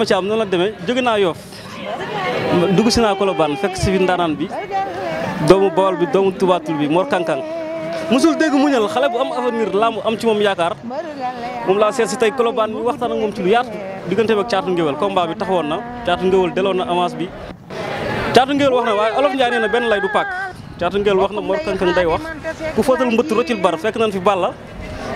Fatma Thiam noonu la demee jóge naa Yoff dugg si naa Colobane fekk si fi ndaanaan bi doomu Bawol bi doomu tubaatul bi Mor Kankang musul dégg muñal xale bu am avenir làmb am ci moom yaakaar moom laa seet si tey Colobane bi waxtaan ak moom ci lu yaatu diggante ak caatu ngéwél combat bi taxawoon na caatu ngéwél deloon na avance bi caatu ngéwél wax na waaye olof Njaay nee na benn lay du pàkk caatu ngéwél wax na Mor Kankang day wax ku fóotal mbëtt roccil bar fekk nañ fi Balla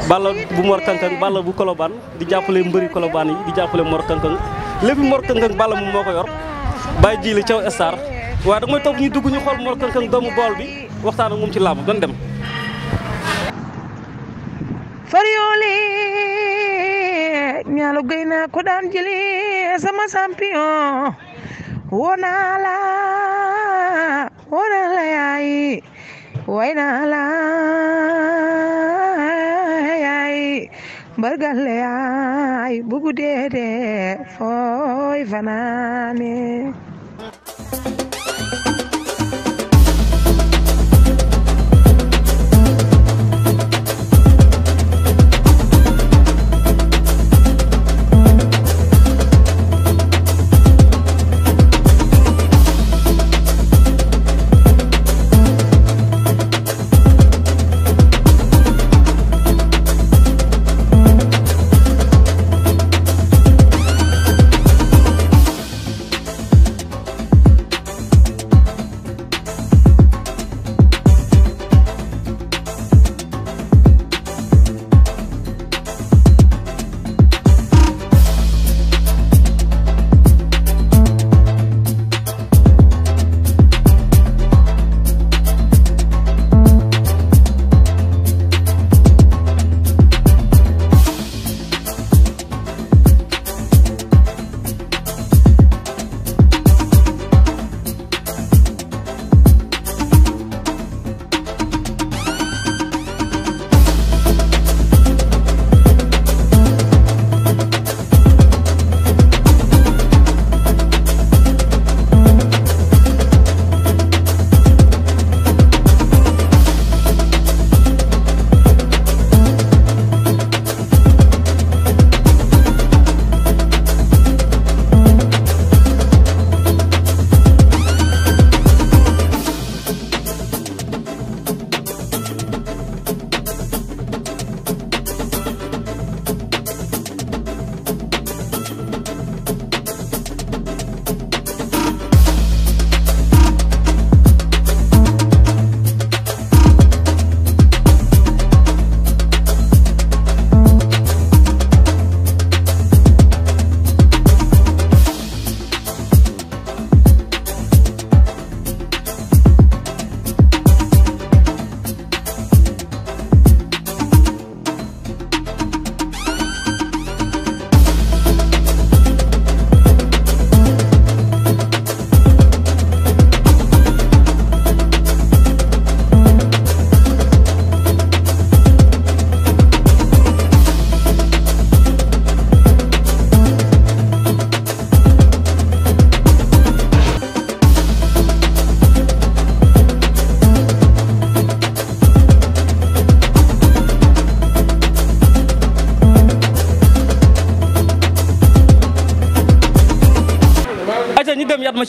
Balla bu Mor Kankang Balla bu Colobane di jàppale mbëri Colobane yi di jàppale Mor Kankang lépp Mor Kang Kang Balla moom moo ko yor bàyyi ji la caw waaye da mooy toog ñu dugg ñu xool Mor Kang doomu bool bi waxtaan moom ci làmb doon dem farioole ñaalo gay naa ko daan jëli sama champion wonaa la wonaa la yaay way la mbargal yaay bu guddee dee fooy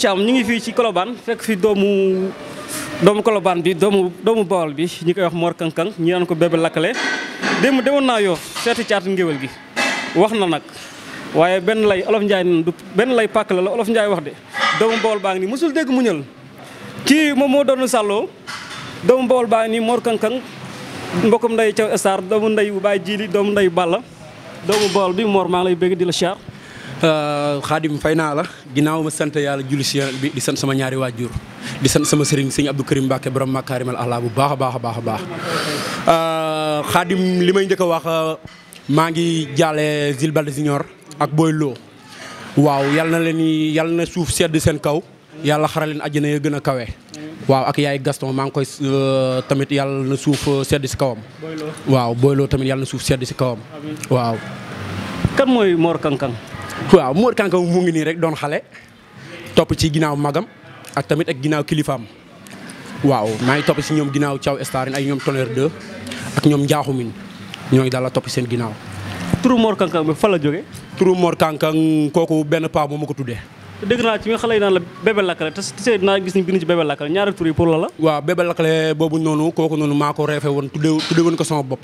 cham ñu ngi fi ci koloban fekk fi doomu doomu koloban bi doomu doomu Bawol bi ñi koy wax Mor Kankang ñi nan ko bébé lakkale dem demoon naa yoo seeti caatu ngéwél gi wax na nak waye ben lay olof njaay du lay pak la olof njaay wax de doomu Bawol bang ni musul deg mu ñeul kii mo mo doon sàlloo doomu Bawol baang ni Mor Kankang mbokum nday ci Star doomu nday Baye jili doomu nday Balla doomu Bawol bi Mor ma lay di la xaadim euh, fay naa la ginnaaw ma sant yàlla julli si yonent bi di sant sama ñaari waajur di sant sama sëriñ sëñ Abdou Karim Mbacke borom makaarimal axlaa bu baax a baax a baax a baax xaadim euh, li may njëkk a wax maa ngi jaale Jules Baldé Junior ak Boy Lo waaw yal na leen yal na suuf sedd seen kaw yàlla xaral leen na ya gën a kawe waaw ak yaay Gaston maa ngi koy euh, tamit yàlla na suuf sedd si kawam waaw Boy Lo tamit yàlla na suuf sedd si kawam waaw Mor Kanka mu ngi nii rek doon xale topp ci ginnaaw magam ak tamit ak ginnaaw kilifaam waaw maa ngi topp ci ñoom ginnaaw Thiaw Star ak ñoom Tonnerre 2 ak ñoom Njaaxumin ñoo ngi daal la topp seen ginnaaw. turu Mor Kanka bi fan la jógee. turu Mor Kanka kooku benn paa moom ma ko tuddee. dégg naa ci nga xale yi naan la bébé lakkale te see naa gis ni bind ci bébé lakkale ñaari tur la la. waaw bébé lakkale boobu noonu kooku noonu ko reefe woon tuddee tuddee woon ko sama bopp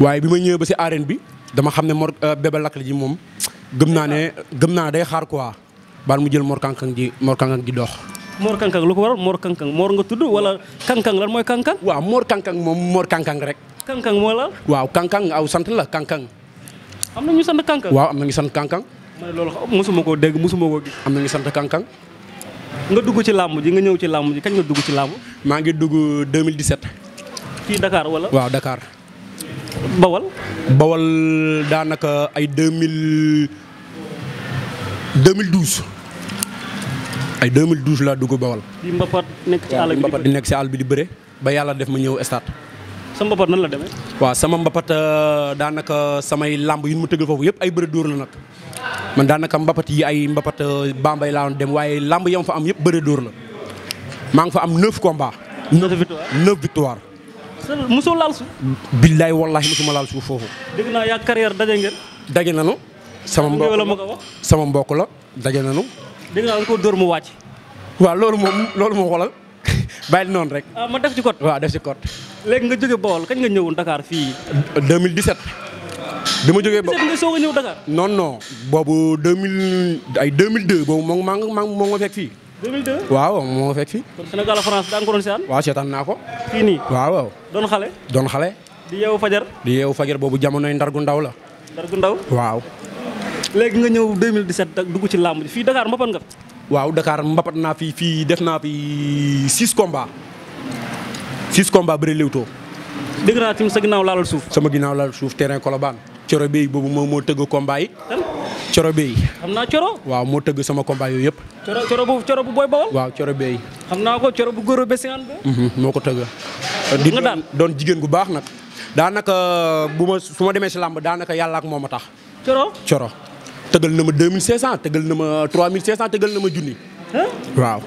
waaye bi ma ñëwee ba si arène bi dama xam ne Mor euh, bébé ji moom gëmna né gëmna day xaar quoi baan mu jël Mor Kankang ji Mor Kankang ji dox. Mor Kankang lu ko waral Mor Kankang Mor nga tuddu wala Kankang lan moy Kankang. waaw Mor Kankang mom Mor Kankang rek. Kankang mo la. waaw Kankang aw sant la Kankang. am na ñu sant Kankang. waaw am na ñu sant Kankang. man loolu musuma ko dégg musuma ko gis. am na ñu sant Kankang. nga dugg ci lamb ji nga ñew ci lamb ji kañ nga dugg ci lamb ma ngi dugg 2017. ki Dakar wala. waaw Dakar. bawal. bawal daanaka ay deux mille deux mille douze ay mille douze laa dugg bawal. di Mbapat nekk ci àll bi di Mbapat di nekk ci àll bi di bëre ba yàlla def ma ñëw stade. sa Mbapat nan la demee. waaw sama Mbapat euh, daanaka samay làmb yu mu tëggal foofu yëpp ay bëre dóor la nag man daanaka Mbapat yi ay Mbapat euh, Bambey laa doon dem waaye làmb yam fa am yëpp bëre dóor la maa ngi fa am neuf combats. neuf victoire. mosoo laal suuf. billaay wallaahi mosuma laal suuf foofu. dégg naa yaa carrière daje ngeen. daje nanu. sama mbokk la sama mbokk la daje nanu. dégg naa ko dóor mu wàcc. waa loolu moom loolu moo xoolal bàyyi noonu rek. ah ma def ci code. waa def ci code. léegi nga jóge Bawol kañ nga ñëwoon Dakar fii. 2017. bi ma jógee Bawol 2017 nga soo a ñëw Dakar. noon non boobu 2000 ay 2002 boobu moo ngi moom ngi maa ngi fekk fii. 2002 waaw moo fekk fii. kon France da ko doon waaw seetaan naa ko. waaw waaw. doon xale. doon xale. di yeewu fajar. di yeewu fajar boobu Wow. ndar gu ndaw la. ndar gu ndaw waaw. léegi nga Wow, 2017 ak ci làmb ji Dakar mbapat nga. waaw Dakar mbapat naa fi fii def naa fi six sa suuf. sama suuf terrain Colobane. Coro Bey boobu moom moo tëgg combat yi. Coro Bey. xam naa Coro. waaw moo tëgg sama combat yooyu yëpp. Coro Coro bu Coro bu Bawol. waaw Coro Bey. xam naa ko Coro bu góor a bési moo ko tëgg. di doon jigéen gu baax nag. daanaka bu ma su ma demee si làmb daanaka yàlla ak moom a tax. Coro Coro. tëggal na ma 2500 tëggal na ma 3500 tëggal na ma junni. waaw.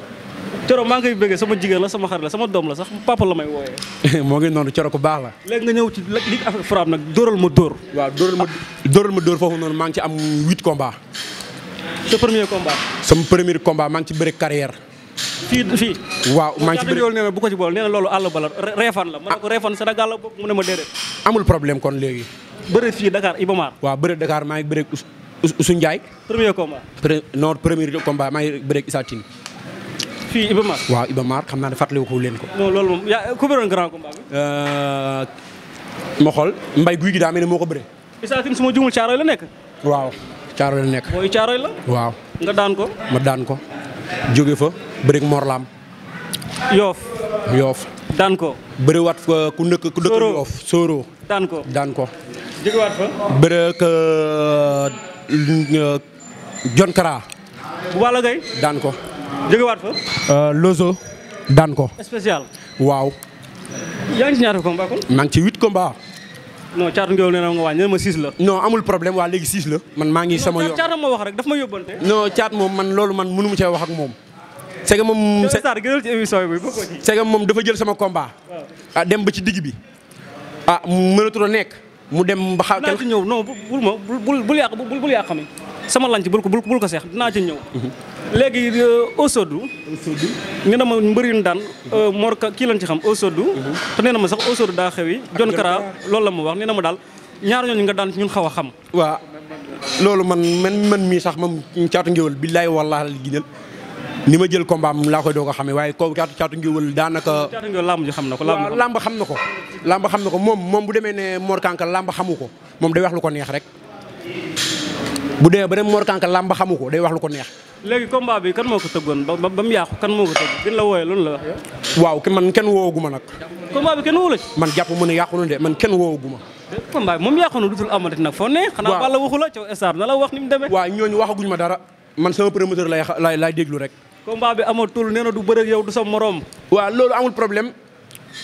Coro ma ngay bëgg sama jigéen la sama xar la sama dom la sax papa la may woyé mo ngi noonu Coro ko baax la. léegi nga ñëw ci Ligue Afrique Frapp nak dóoral ma dóor. wa dóoral ma dóoral ma dóor fofu non ma ngi ci am 8 combat ce premier combat. sama premier combat ma ngi ci bëre carrière. fi fi wa ma ngi ci bëri nee bu ko ci bol nee lolu Allah àll ba la reefan ko ah. reefan Sénégal la mu ne dédé amul problème kon légui bëre fi Dakar Ibomar wa bëre Dakar ma ngi bëre Ousou Ndiaye. premier combat. non premier combat ma ngi bëre Issa Tine fii Iba Mar. waaw Iba Mar xam naa ne fàttaliku leen ko. Euh, ma xool mbay guy gi daa mel ne moo ko bëree. Issa su ma jumul caaroy la nekk. waaw caaroy la nekk. mooy caaroy waaw nga daan ko. ma daan ko jóge fa bëri Morlam. Yoof. Yoof. daan ko. bëriwaat fa bu euh, Balla Gaye daan ko. jógewaat fa. Euh, Lozo daan ko. spécial. waaw. yaa ngi ci ñaata combat kon. ci huit combat. non caatu ngéwél nee na nga wàññi ma six la. non amul problème waa léegi six la. man maa ngi sama yoon caat wax rek daf ma yóbbante. non caat moom man loolu man mënu mu cee wax ak moom. c'est moom ci émission bi c'est que moom dafa jël sama komba a ah, dem ba ci digg bi. a ah, mënatu la mu dem ba xaw. naa ñëw non bul ma bul yàq bul yàq mi sama lanc bul ko bul ko bul ko seex dinaa ci ñëw léegi euh, Oussodou ñu ne ma mbër yu daan euh, mor kii lañ ci xam Oussodou te nee na ma sax Oussodou da xewi jon Kara loolu la mu wax nee na ma dal ñaar ñoo nga dan ñun xawa xam wa loolu man man man mi sax moom ciatu ngeewal billahi wallahi la ginal ni ma jël combat am la koy doog a xamee waaye kaw ciatu caatu ngéwal daanaka lamb ji xam nako lamb xam nako lamb xam nako mom mom bu demee ne Mor Kanka lamb xamuko mom day wax lu ko neex rek bu dee beneen Mor Kanka làmb xamu ko day wax lu ko neex. léegi combat bi kan moo ko tëggoon ba ba mu yàqu kan moo ko tëgg gën la wooyee loolu la wax yow. waaw man kenn woowagu ma nag. combat bi kenn woowu la ci. man jàpp ma ne yàqu na de man kenn woowagu ma. combat bi moom yàqu na dutul amati nag foo ne. waaw xanaa wàlla waxu la ca star na la wax ni mu demee. waaw ñooñu waxaguñ ma dara man sama promoteur lay lay laay déglu rek. combat bi amatul nee na du bëre yow du sa moroom waa loolu amul problème.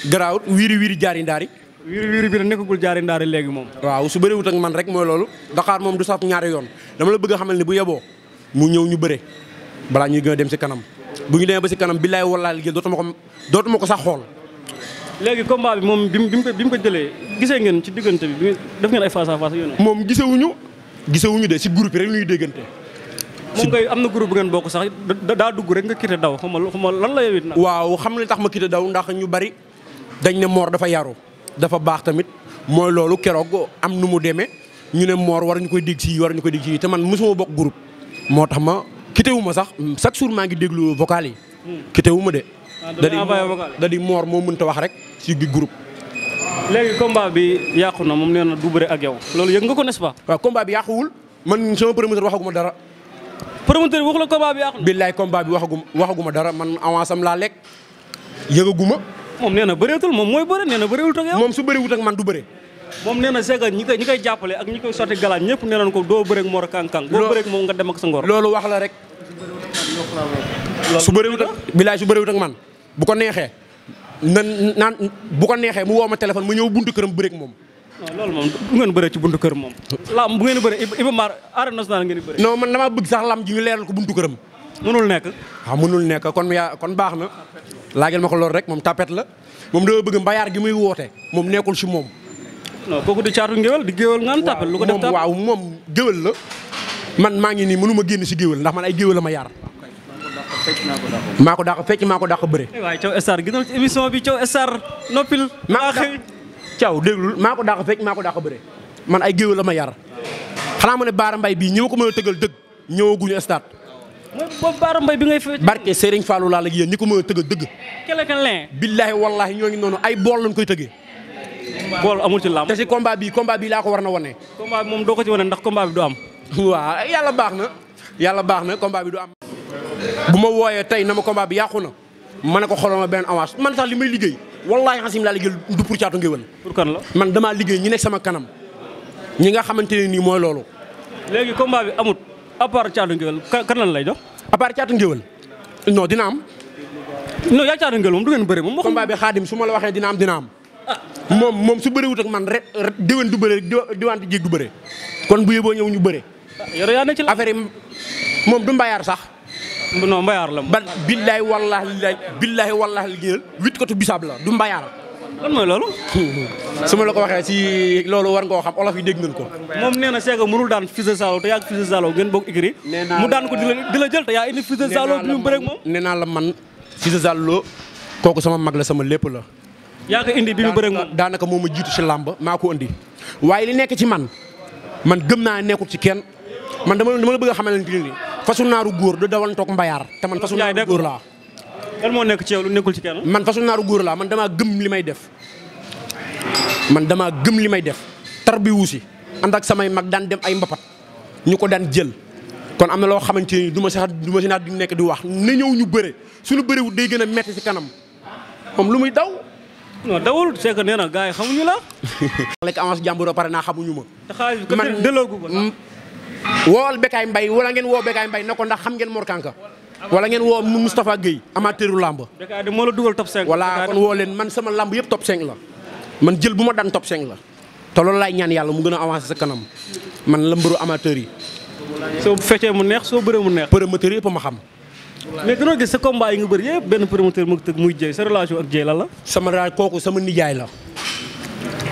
garaawul wiiri wiiri jaari ndaari wir wiiri bi gul jaari ndaare legi mom waaw su beuri wut ak man rek moy lolou Dakar mom du sat ñaari yoon dama la bëgg a xamal ni bu yeboo mu ñew ñu bëre bala ñuy gëna dem ci kanam bu ñu dem ba ci kanam billahi wallahi liggéey dootuma ko dootuma ko sax xol legi combat bi mom bim bim ko bi ko jëlé gisé ngeen ci digënté bi def ngeen ay face à face yoon mom gisé wuñu gisé wuñu dé ci groupe rek ñuy dégënté mom ngay amna groupe bu ngeen bokk sax da dugg rek nga kité daw xamal xamal lan la yewit it. waaw xam li tax ma kité daw ndax ñu bari dañ ne Mor dafa yaru dafa baax tamit mooy loolu keroog am nu mu demee ñu ne Mor war ñu koy dégg si war ñu koy dégg si te man mosuma bokk groupe moo tax ma quitté wu ma sax chaque jour maa ngi déglu vocal yi. quitté hmm. wu ma de. Ah, da di Mor moo mënta wax rek si groupe. léegi combat bi yàqu na moom nee na du bëre ak yow. loolu yëg nga ko n'est-ce pas. waaw combat bi wul man sama promoteur waxaguma dara. promoteur waxu la combat bi yàqu billaay combat bi waxaguma waxaguma dara man avance am laa lekk yëgaguma. moom nee na bëreetul moom mooy bëre nee na bëreewut ak yow. moom su bëreewut ak man du bëre. moom nee na seega ñi koy ñi koy jàppale ak ñi koy sotti galaan ñëpp nee nañ ko doo bëreeg Mor moom loolu wax la rek. su bëreewut ak bilaay su bëreewut ak man bu ko neexee nan naan bu ko neexee mu woo ma téléphone mu ñëw buntu këram bëreeg moom. waaw moom bu ngeen bëree ci kër moom. lam bu ngeen bëree Iba Mar arène nationale ngeen bëree. non man damaa bëgg sax lam ji ñu leeral ko buntu këram mënul nekk. waaw ah, mënul nekk kon yaa kon baax na laajal ma ko loolu rek moom tapet la moom dama bëgg mbayaar gi muy woote moom nekkul si moom. non kooku di caatu ngéwél di géwél ngaan lu ko def waaw moom géwél la man maa ngi nii mënu ma génn si géwél ndax man ay géwél la ma yar. maa ko dàq fecc maa ko dàq bëre. waaye Thiaw Star gis ci émission bi Thiaw Star noppil. maa ko dàq maa ko dàq fecc maa ko dàq bëre man ay géwél la ma yar xanaa ma ne Baara mbay bii ñëw ko mën a dëgg ñëwaguñu stade mooy boobu Baara Mbaye bi ngay fi. barke Serigne Fallou laa la yéen ñi ko mën a tëgg billaahi wallaahi ñoo noonu ay bool lañ koy tëggee. bool amul ci lamb. te si combat bi combat bi laa ko war na wane. combat bi moom doo ko ci wane ndax combat bi du am. waaw yàlla baax na. yàlla baax na combat bi du am. bu ma wooyee tey na ma combat bi yàqu na. ma ne ko xoolal ma benn avance man sax li may liggéey wallaahi xasim laa liggéey du pour caatu ngéwël. pour kan la man damaa liggéey ñi nekk sama kanam ñi nga xamante ne nii mooy loolu. apa part Thiatou Ngéwél kan lan lay jox à part Thiatou no non dina am non yaa Thiatou Ngéwél moom du ngeen bëri dinam combat bi xaadim untuk ma la waxee dina am dina am moom moom su ak man du du kon bu yeboo ñëw ñu bëre yore yaa na ci affaire yi du mbayaar sax non mbayaar la ban billahi wallahi billahi wallahi géel huit ko tu bisaab la du mbayaar lan mooy loolu. su ma la ko waxee si loolu war ngoo xam olof yi dégg nañ ko. moom nee na Sega mënul daan Fils de Zalo te yaa ngi Fils ngeen bokk igri. mu daan ko jël te indi bi mu la man Fils de Zalo sama mag la sama lépp la. yaa ko indi bi mu bëreeg moom daanaka moom a aku si làmb ini ko indi. waaye li nekk ci man man gëm naa nekkul ci kenn man dama dama la bëgg a ni fasu te man fasu kan moo nekk ci yow lu nekkul ci kenn. man façon naaru góor laa man damaa gëm li def man damaa gëm li def tar bi wuusi ànd ak samay mag daan dem ay mbapat ñu ko jël. kon am na loo xamante ni du ma sax du ma si naat di nekk di wax na ñëw ñu bëre suñu bëre wu day gën a metti si kanam moom lu muy daw. non dawul c'est que nee na gars yi xamuñu la. lekk avance jàmbur pare naa xamuñu ma. te xaalis bi kat delloo gu wala ngeen woo Bekaay Mbaye na ndax xam ngeen Mor Kanka wala ngeen wo mustapha Gueye amateuru lamb Dakar moo la top 5 wala kon wo len man sama lamb yëpp top 5 la man jël buma dan top 5 la to lol lay ñaan yalla mu gëna avancer sa kanam man la amateur yi so fété mu neex so bëre mu neex promoteur yëpp ma xam mais dañoo gis sa combat yi nga bëre yëpp ben promoteur mu tëgg muy jey sa relation ak jey la la sama ra koku sama nijaay la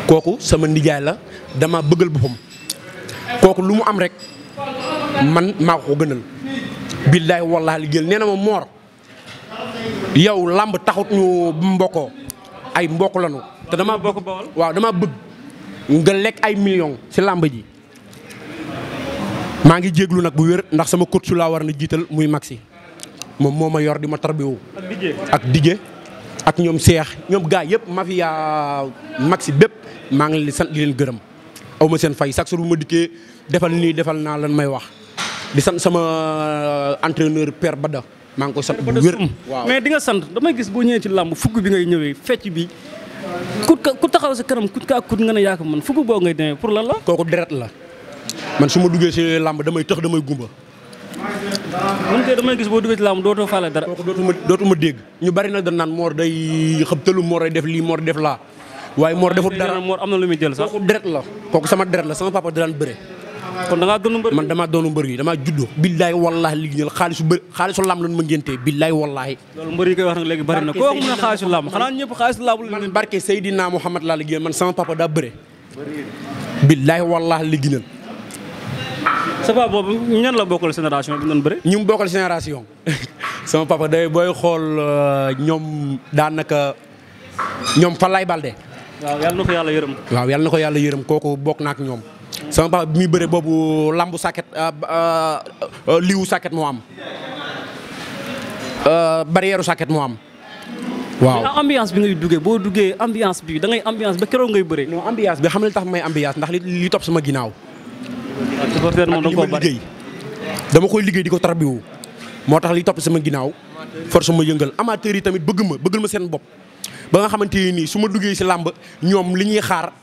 koku sama nijaay la dama bëggal boppam koku lu mu am rek man mako gënal billahi wallahi li gël nee na yow lamb taxut ñu mboko ay mboko lañu te dama bokk bawol waaw dama bëgg nga lek ay millions ci lamb ji ma ngi jéglu nak bu wër ndax sama coach la war na muy maxi mom moma yor di ma tarbiwu ak dige ak ñom cheikh ñom gaay yépp mafia maxi bép ma ngi leen sant di leen gëreum aw seen fay sax suuma dikké defal ni defal na lan may wax di sama entrepreneur Père Bada mang ko sant bu wer mais di nga sant dama gis bo ci lamb fugu bi ngay ñewé fecc bi kut ku taxaw sa kërëm kut ka kut nga na yak man fugu bo ngay pour lan la. koku deret la man suma duggé ci si làmb damay tëx damay gumba. man té dama gis bo duggé ci lamb doto faale dara. koku dotuma dotuma dégg ñu bari na da nan Mor day xëptalu Mor day def li Mor def la waye Mor defut dara Mor amna lu muy jël sax deret la koku sama deret la sama papa da daan kon da ngaa doonu mbër man damaa doonu mbër yi damaa juddoo billaay wallaahi liggéeyal xaalisu mbër xaalisu la lañ ma ngéntee billaay wallaahi loolu mbër yi koy wax nag léegi bari na ko wax mu ne xaalisu làmb xanaa ñëpp xaalisu làmb man barke Seydina Mouhamad laa sama papa daa bëre billaay wallaahi liggéeyal sa boobu ñan la bokkal génération bi doon ñu mu bokkal génération sama papa booy xool euh, ñoom ñoom Falaye Balde waaw yàlla yàlla yërëm waaw yàlla na ko yàlla yërëm kooku bokk naa ak ñoom sama papa mi muy bëre boobu lambu saket eh, eh, eh, liwu saket mo am barrière saket mo am waaw ya, ambiance bi ngay duggé bo duggé ambiance bi da ngay ambiance ba kéro ngay bëre. non ambiance bi xamna tax may ambiance ndax li li sama ginaaw dama koy liggéey di ko tarbiwu motax li top sama ginaaw force ma yëngal amateur yi tamit bëgguma bëggul ma seen bop ba nga xamanteni nii su ma duggee si làmb xaar.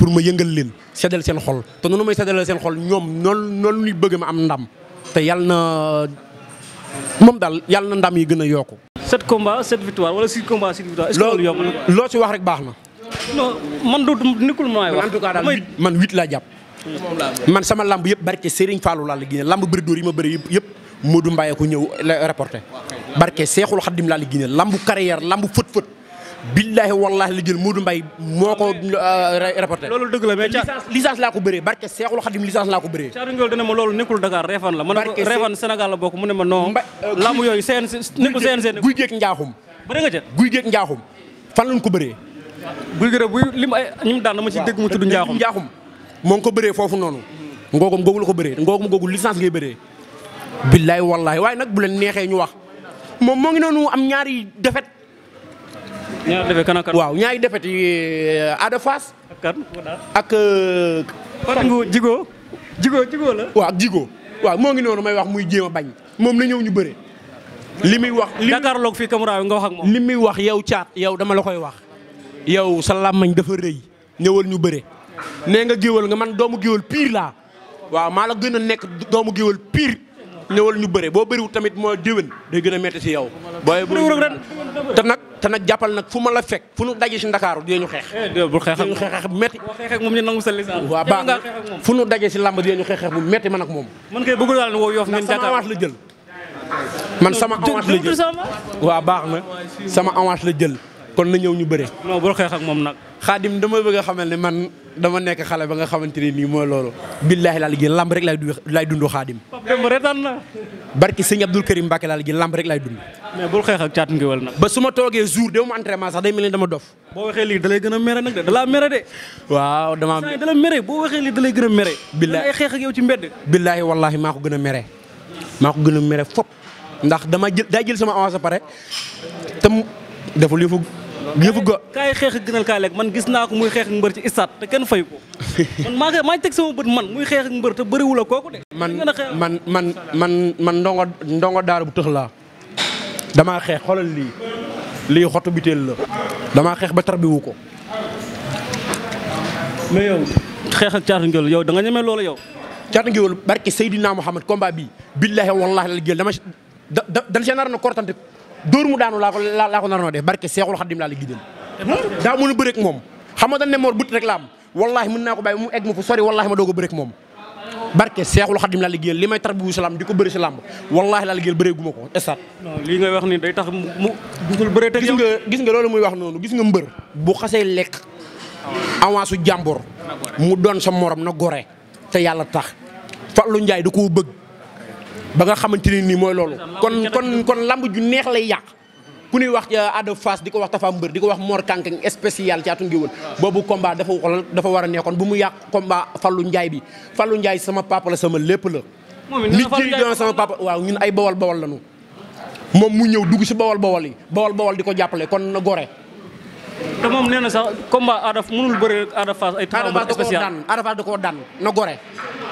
pour ma yëngal leen seddal seen xol te noonu may seddal seen xol ñoom noonu noonu luy bëgg ma am ndam te yàlla na moom daal yàlla na ndam yi gën a yokk sept combats wala six combats six loo si wax rek baax na. man du nekkul maay en tout cas daal man huit laa jàpp. man sama lamb yëpp barke Serigne Fallou laa la génne lamb bëri dóor yi ma bëri yëpp Modou Mbaye ko ñëw reporté. barke Seexul Xaddim laa la génne lamb carrière lamb fët fët. billahi wallahi la jël Modou Mbaye moo ko euh, reporté. loolu dëgg la mais licence laa ko bëree barke Seexul Xadim licence laa ko bëree. la. barke Seye ma ne ko Réfane Sénégal la bokk mu ne ma non. mba euh, lamb yooyu CNC nekkul guy geeg njaaxum. guy geeg njaaxum fan lañ ko bëree. guy geeg buy lim ay ñim daan dama ci dégg mu tudd njaaxum njaaxum ko bëree foofu noonu. ngoogum googu la ko bëree ngoogum googu licence ngay bëree. billahi wallahi waaye nag bu neexee ñu wax moom moo ngi noonu Kan kan? ñaari defet kan ak waaw defet yi euh, Ada Fass ak kan ak Fatou euh, Jigo Jigo Jigo la waaw ak Jigo waaw mo ngi nonu may wax muy jema bañ mom na ñew ñu bëre limi wax Dakar lok fi Camara nga wax ak mom limi wax yow chat yow dama la koy wax yow sa làmmañ dafa reuy ñewal ñu bëre nee nga géwal nga man doomu géwal pire la waaw maa la gën doomu géwal pire ñewal ñu bo boo wu tamit mo déwén day metti ci yow boy bu rek tan nak te nag jàppal nag fu ma la fekk fu nu daje si ndakaaru dinañu xeex. Eh, bu xeex xeex bu xeex metti man ak moom. sama avance la jël. man sama avance la jël baax na sama avance la jël kon na ñëw ñu bëre. non bul xeex moom nag. xaadim dama bëgg a xamal ne man dama nekk xale ba nga xamante ne nii mooy loolu. billaahi laal gi làmb rek laay dund xaadim. barki sëñ Abdul Karim Mbacke laa ji lamb rek lay dund. mais bul xeex ak caatu ngéwél nag. ba su ma toogee jour de mu entraînement sax day mel ni dama dof. boo waxee lii dalay gën a mere nag de dalaa mere de. boo waxee lii dalay gën a mere. billaay ay xeex ak yow ci mbedd. billaay wallaahi maa ko gën a mere. maa ko gën a mere fop ndax dama jël daa jël sama avance ba pare te mu deful yëfu ñëpp go kay xex gënal kaay lek man gis na ko muy xex ak ci istat te kenn fay ko man ma tek sama bëtt man muy xex ak mbër te bëri wula koku de. man man man man man ndongo ndongo daara bu tëx dama damaa xeex xoolal li lii xotu biteel la dama xex ba tarbi wuko wu mais yow xex ak caatu ngeul yow da nga ñëmé loolu yow. caatu ngeul barki sayyidina muhammad combat bi billahi wallahi la génn dama da da dañ see nar kortante dóor mu daanu laa ko laa ko naroon def barke Seexul Xaddim laa la gideel daa mën a bëreeg moom xam nga dañ ne moor rek la wallaahi mën naa ko bàyyi mu egg ma fu sori wallaahi ma doog a bëreeg moom barke seexul xadim laa liggéeyal li may tarbiwu salaam di ko bëri si làmb wallaahi laa liggéeyal bëree guma ko estat lii ngay wax ni day tax mu gisul bëree gis nga gis nga loolu muy wax noonu gis nga mbër bu xasee lekk avance su jàmbur mu doon sa morom na gore te yàlla tax Fallou Ndiaye da koo bëgg ba nga xamanteni ni moy lolu kon kon kon lamb ju neex lay yak ku ni wax Ada Fass di ko wax Tafa Mbër di ko wax Mor Kankang spécial caatu ngéwël bobu combat dafa dafa wara neexon bu mu yak combat fallu Ndiaye bi fallu Ndiaye sama papa la sama lepp la. moom it sama papa waaw ñun ay bawal bawal lañu. mom mu ñew dugg ci bawal bawal yi bawal bawal di jappalé kon na goré da mom neena sax combat Ada munul beure Ada face ay. Ada Fass Ada Fass da koo na goré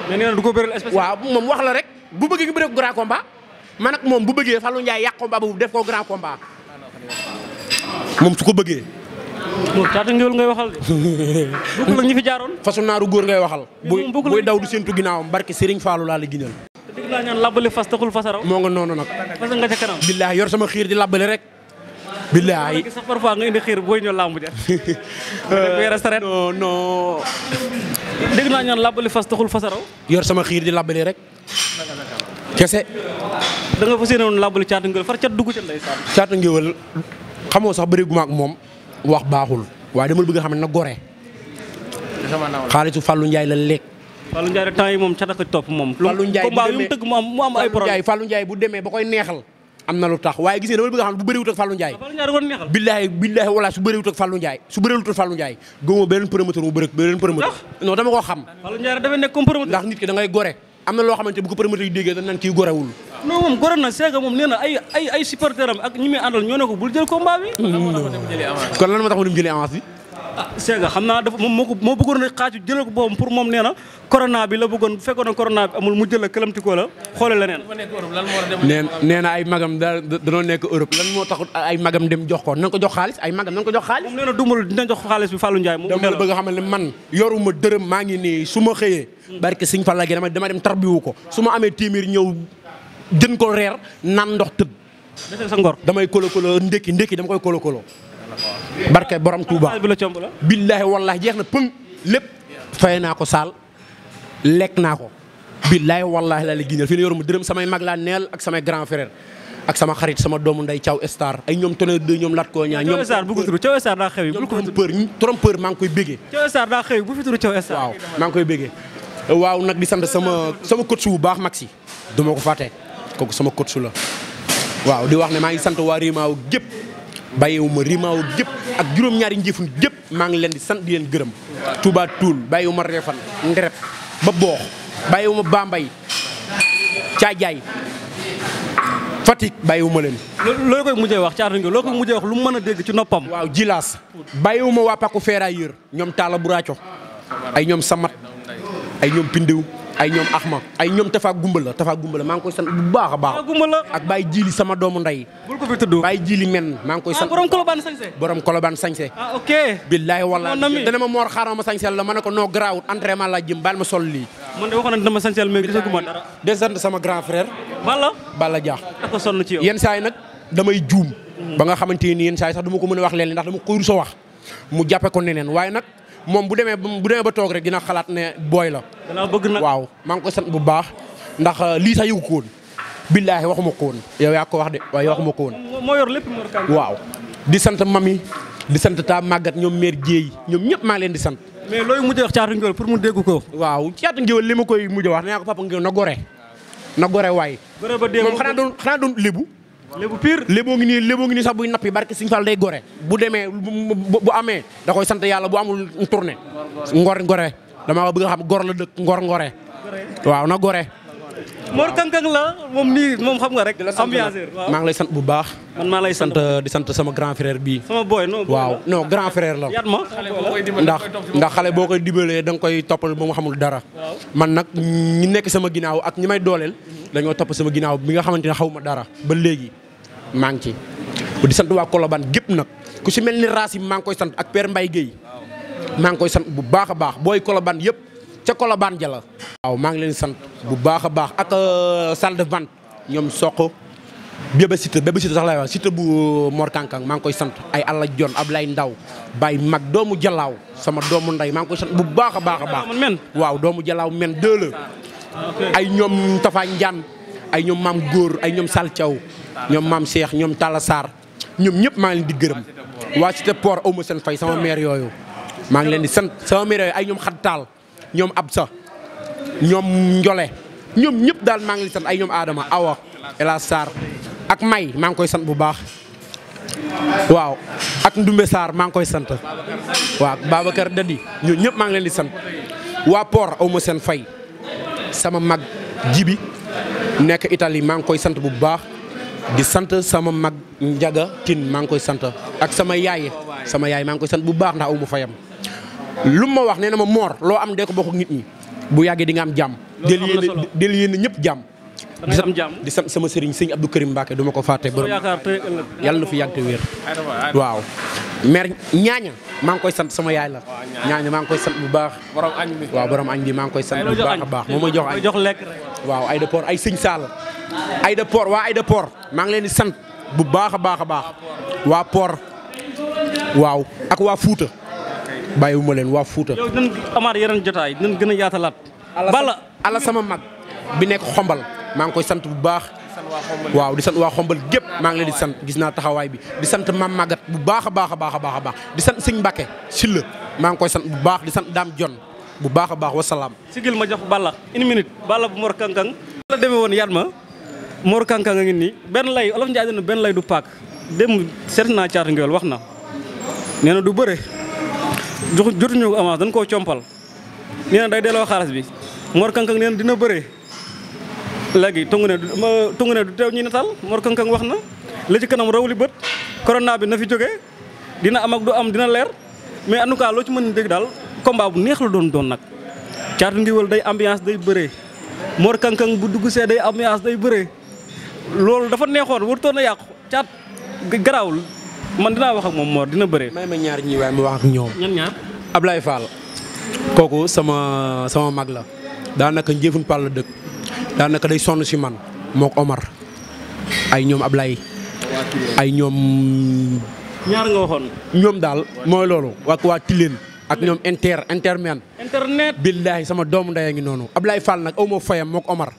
neena duko beurel special waaw mom wax la rek. bu bëggee ñu bëre grand combat man ak moom bu bëggee Fallou Ndiaye yàq ba boobu def ko grand combat. moom su ko bëggee. moom Caatu Ngéwél ngay waxal de. bokkul la fi jaaroon. façon naaru góor ngay waxal. buy buy daw du séntu ginnaawam barke Serigne Fallou laa la ginal. te dégg naa ñaan labbali fas taxul fas a raw. moo nga noonu nag. fas yor sama xiir di labbali rek. billaay sax parfois nga indi xiir booy ñëw làmb ja euh, non non. dégg naa ñaan làbbali fas taxul fasaraw. yor sama xiir di làbbali rek. kese. da nga fas yéene woon làbbali caatu ngéwél far cat dugg ca lay sànni. caatu ngéwél xamoo sax bëri gu ma ak moom wax baaxul waaye dama bëgg a xam ne na gore. xaalisu Fallou Ndiaye la lekk. Fallou Ndiaye temps yi moom cat ak topp moom. Fallou Ndiaye bu demee combat yu mu tëgg mu am ay problème Fallou Ndiaye bu demee ba koy neexal. am na lu tax waaye gis nga dama bëgg xam bu bëriwut ak Fallou Ndiaye billaahi billaahi wala su bëriwut ak Fallou Ndiaye su bëriwut ak Fallou Ndiaye gëmoo moom gore na seega moom nee ay ay ak ñi muy ñoo ne ko bul jël combat bi kon hmm. lan ma tax mu dem jëlee avance bi Séga xam naa dafa moom moo ko moo a xaaju jëlee ko boobu pour moom nee na corona bi la bëggoon bu fekkoon ne corona bi amul mu jël la këlamtikoo la xoole na ay magam da danoo nekk Europe lan moo taxut ay magam dem jox ko nan ko jox xaalis ay magam nan ko jox xaalis. moom nee na dumbal dina jox bëgg a xamal ne man yoruma dërëm maa ngi nii su ma xëyee. barke Sëñ Fall gi dama dem tarbiwu ko su ma amee téeméer ñëw jën ko reer naan ndox tëdd. sa ngor damay kolo kolo ndékki ndékki dama koy kolo barke borom Touba billaahi wallaahi jeex na pëng lépp fay naa ko saal lekk naa ko billaahi wallaahi laa la naa fi ne yoruma dërëm samay mag laa neel ak samay grand frère ak sama xarit sama doomu nday Thiaw Star ay ñoom tonnerre de ñoom lat koo ñaa ñoom Thiaw Star daa xew bu ko trompeur trompeur koy bégee Thiaw Star daa xew bu fi turu Star waaw maa ngi koy bégee waaw nag di sant sama sama coach bu baax Maxi si ma ko fàtte kooku sama coach la waaw di wax ne maa ngi sant waa Rimaaw bàyyiwuma rimaaw jëpp ak juróom-ñaari njëfun gépp maa ngi leen di sant di leen gërëm Touba Toul bàyyiwuma Réfan Ndereb ba boox bàyyiwuma Bambay Caajaay Fatick bàyyiwuma leen. loo koy mujjee wax caa loo koy mujjee wax lu mën a dégg ci noppam. waaw jilaas bàyyiwuma waa Paku Ferrailleur ñoom Talla Buraco ay ñoom Samat ay ñoom Pindiw ay ñoom ma ay ñoom Tafa Gumbala Tafa Gumbala maa ngi koy sant bu baax a baax. ak Baye Jili sama doomu ndey. bul ko fi tudd men maa ngi koy ah, sant borom Kolobane Sañse. borom Kolobane Sañse. ah ok. billahi wallahi dana ma moor xaaral ma sañsel la ma ne ko noo garaawut entraînement laa jëm baal ma sol lii. man de waxoon na dina ma sañsel mais gisaguma dara. de sant sama grand frère. Balla Balla Dia. ak ko sonn ci yenn saa yi nag damay juum. ba nga xamante ni yenn saa yi sax du ma ko mën a wax leen ndax dama koy rusa wax mu jàppe ko neneen waaye nag moom bu demee bu demee ba toog rek dina xalaat ne booy la. waaw maa ngi ko sant bu baax ndax euh, lii sax yëgu ko woon. billaahi waxuma ko woon yow yaa ko wax de waaye waxuma ko woon. moo yor waaw di sant mami di sant taa màggat ñoom mère Dieye ñoom ñëpp maa leen di sant. mais looy mujj wax caatu ngéwél pour mu dégg ko. waaw caatu ngéwél li ma koy mujj wax nee naa ko papa ngéwél na gore. na gore waay. gore ba dee moom xanaa doon xanaa lébu pire léboo ngi nii léboo ngi nii sax buy nappi barke Sëñ Fall day gore bu demee bu amee da koy sant yàlla bu amul tourné ngor gore damaa bëgg a xam goro la dëkk ngor ngore waaw na gore Mor Kang la moom nii moom xam nga rek. ambianceur maa ngi lay sant bu baax. man maa lay sant di sant sama grand frère bii. sama boy non waaw non grand frère la. yat ma ndax ndax xale boo koy dibalee da nga koy toppal ba mu xamul dara. man nag ñi nekk sama ginnaaw ak ñi may dooleel. dañoo topp sama ginnaaw bi nga xamante ne xaw ma dara ba léegi maa ngi ci. di sant waa koloban gépp nag ku si mel ni raas yi maa ngi koy sant ak per Mbaye Guèye maa ngi koy sant bu baax a baax booy Colobane yëpp. ca Colobane ja la waaw ma ngi leen sant bu baax a baax ak euh, salle de vente ñom soko bebe site bebe site sax laay wax site bu Mor Kankang ma ngi koy sant ay Alla jonne ablay Ndaw bay mag doomu Jalaaw sama doomu nday ma ngi koy sant bu baax a baax waaw doomu Jalaaw men deux ay ñom Tafa Njaan ay ñom mam góor ay ñom sal ciow ñom mam Cheikh ñom talassar ñom ñep ma ngi di port fay sama mère yoyu ma ngi leen di sant sama mère ay ñom xat ñoom Absa ñoom Njole ñoom ñëpp daal maa ngi leen sant ay ñoom Adama Awa Ela Sarr ak May maa ngi koy sant bu baax waaw ak Ndumbe saar maa ngi koy sant waaw Babacar Dadi ñoo ñëpp maa ngi leen di sant waa Port aw ma seen fay sama mag jibi nekk itali maa ngi koy sant bu baax di sant sama mag Njaga Tine maa ngi koy sant ak sama yaay sama yaay maa ngi koy sant bu baax ndax aw ma fayam luma wax nee ma moor lo am de ko bokk nit ñi bu yagge di nga am jàmm. loolu del yéen ñëpp jam di sam sama serigne serigne Abdou Karim mbake duma ko faté borom yalla fi yàgg te wér waaw mer ñaña ma ngi koy sant sama yaay la ñaña ma ngi koy sant bu baax waaw borom agni bi ma ngi koy sant bu baax baax moma jox ay jox lek waaw ay de port ay serigne Sall ay de port wa ay de port ma ngi leen di sant bu baax baax baax port waaw ak wa Fuuta bayuma len wa Fuuta. yow dinañ amar yeren jotaay dinañ gëna yaatalat bala ala sama mag bi nek xombal maa ngi koy sant bu baax. waaw di sant wa xombal gep maa ngi leen di sant gis na taxaway bi di sant mam magat bu baax a baax a baax baax di sant seigne mbacke sille maa ngi koy sant bu baax di sant Dame John bu baax wa salam wasalaam. sigil ma jox bala une minute bala bu Mor Kankang la demé won yarma ma Mor Kankang ngi ni ben lay Olof Ndiaye ben lay du pak dem seet naa caatu ngewel wax du beure joxu jotuñu ko avance dañ koo compal nee day delloo xaalis bi Mor Kang Kang dina bëre léegi tungu ne tungu ne du teew ñi natal Mor Kang wax na la ci kanam raw li bët corona bi na fi jógee dina am ak du am dina leer mais en tout cas loo ci mën a dégg daal combat bu neex la doon doon nag caatu ngiwal day ambiance day bëree Mor Kang Kang bu dugg see day ambiance day bëree loolu dafa neexoon warutoon yàqu caat garaawul man dinaa wax ak moom Mor dina bëre. may ma ñaar ñii waaye ma wax ak ñoom. ñan ñaar Ablaye Fall. kooku sama sama mag la daanaka njëfun pal la dëkk daanaka day sonn si man mook Omar ay ñoom Ablaye ay ñoom. ñaar nga waxoon. ñoom daal mooy loolu waa waa Tilène ak ñoom inter intermen. internet billaahi sama doomu ndey a ngi noonu Ablaye Fall nag aw ma fayam mook Omar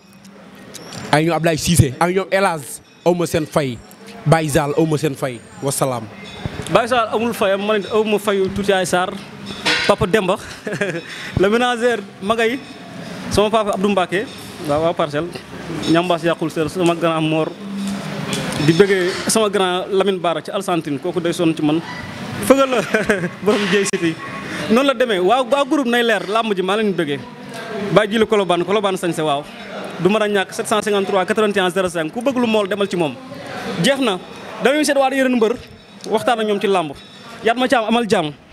ay ñoom Ablaye Cissé ay ñoom El Hadj aw ma seen fay. Baye Sall aw ma seen fay wasalaam. Baye Sall amul fayam ma ne aw ma tuuti ay Sarr papa Demba le ménagère Magay sama papa Abdou Mbacke waaw waa parcelle ñambaas yàqul sër sama grand Mor. di bëggee sama grand Lamine Bara ci Alsantine kooku day sonn ci man fëgal la borom jëy siti noonu la demee waaw waa groupe nay leer làmb ji maa leen bëggee bàyyi ji la Colobane Colobane sañse waaw du mën a ñàkk 753 91 05 ku bëgg lu mool demal ci moom. jeex na dañuy seet waat yeneen mbër waxtaan ak ñoom ci làmb yaat ma am amal jàmm.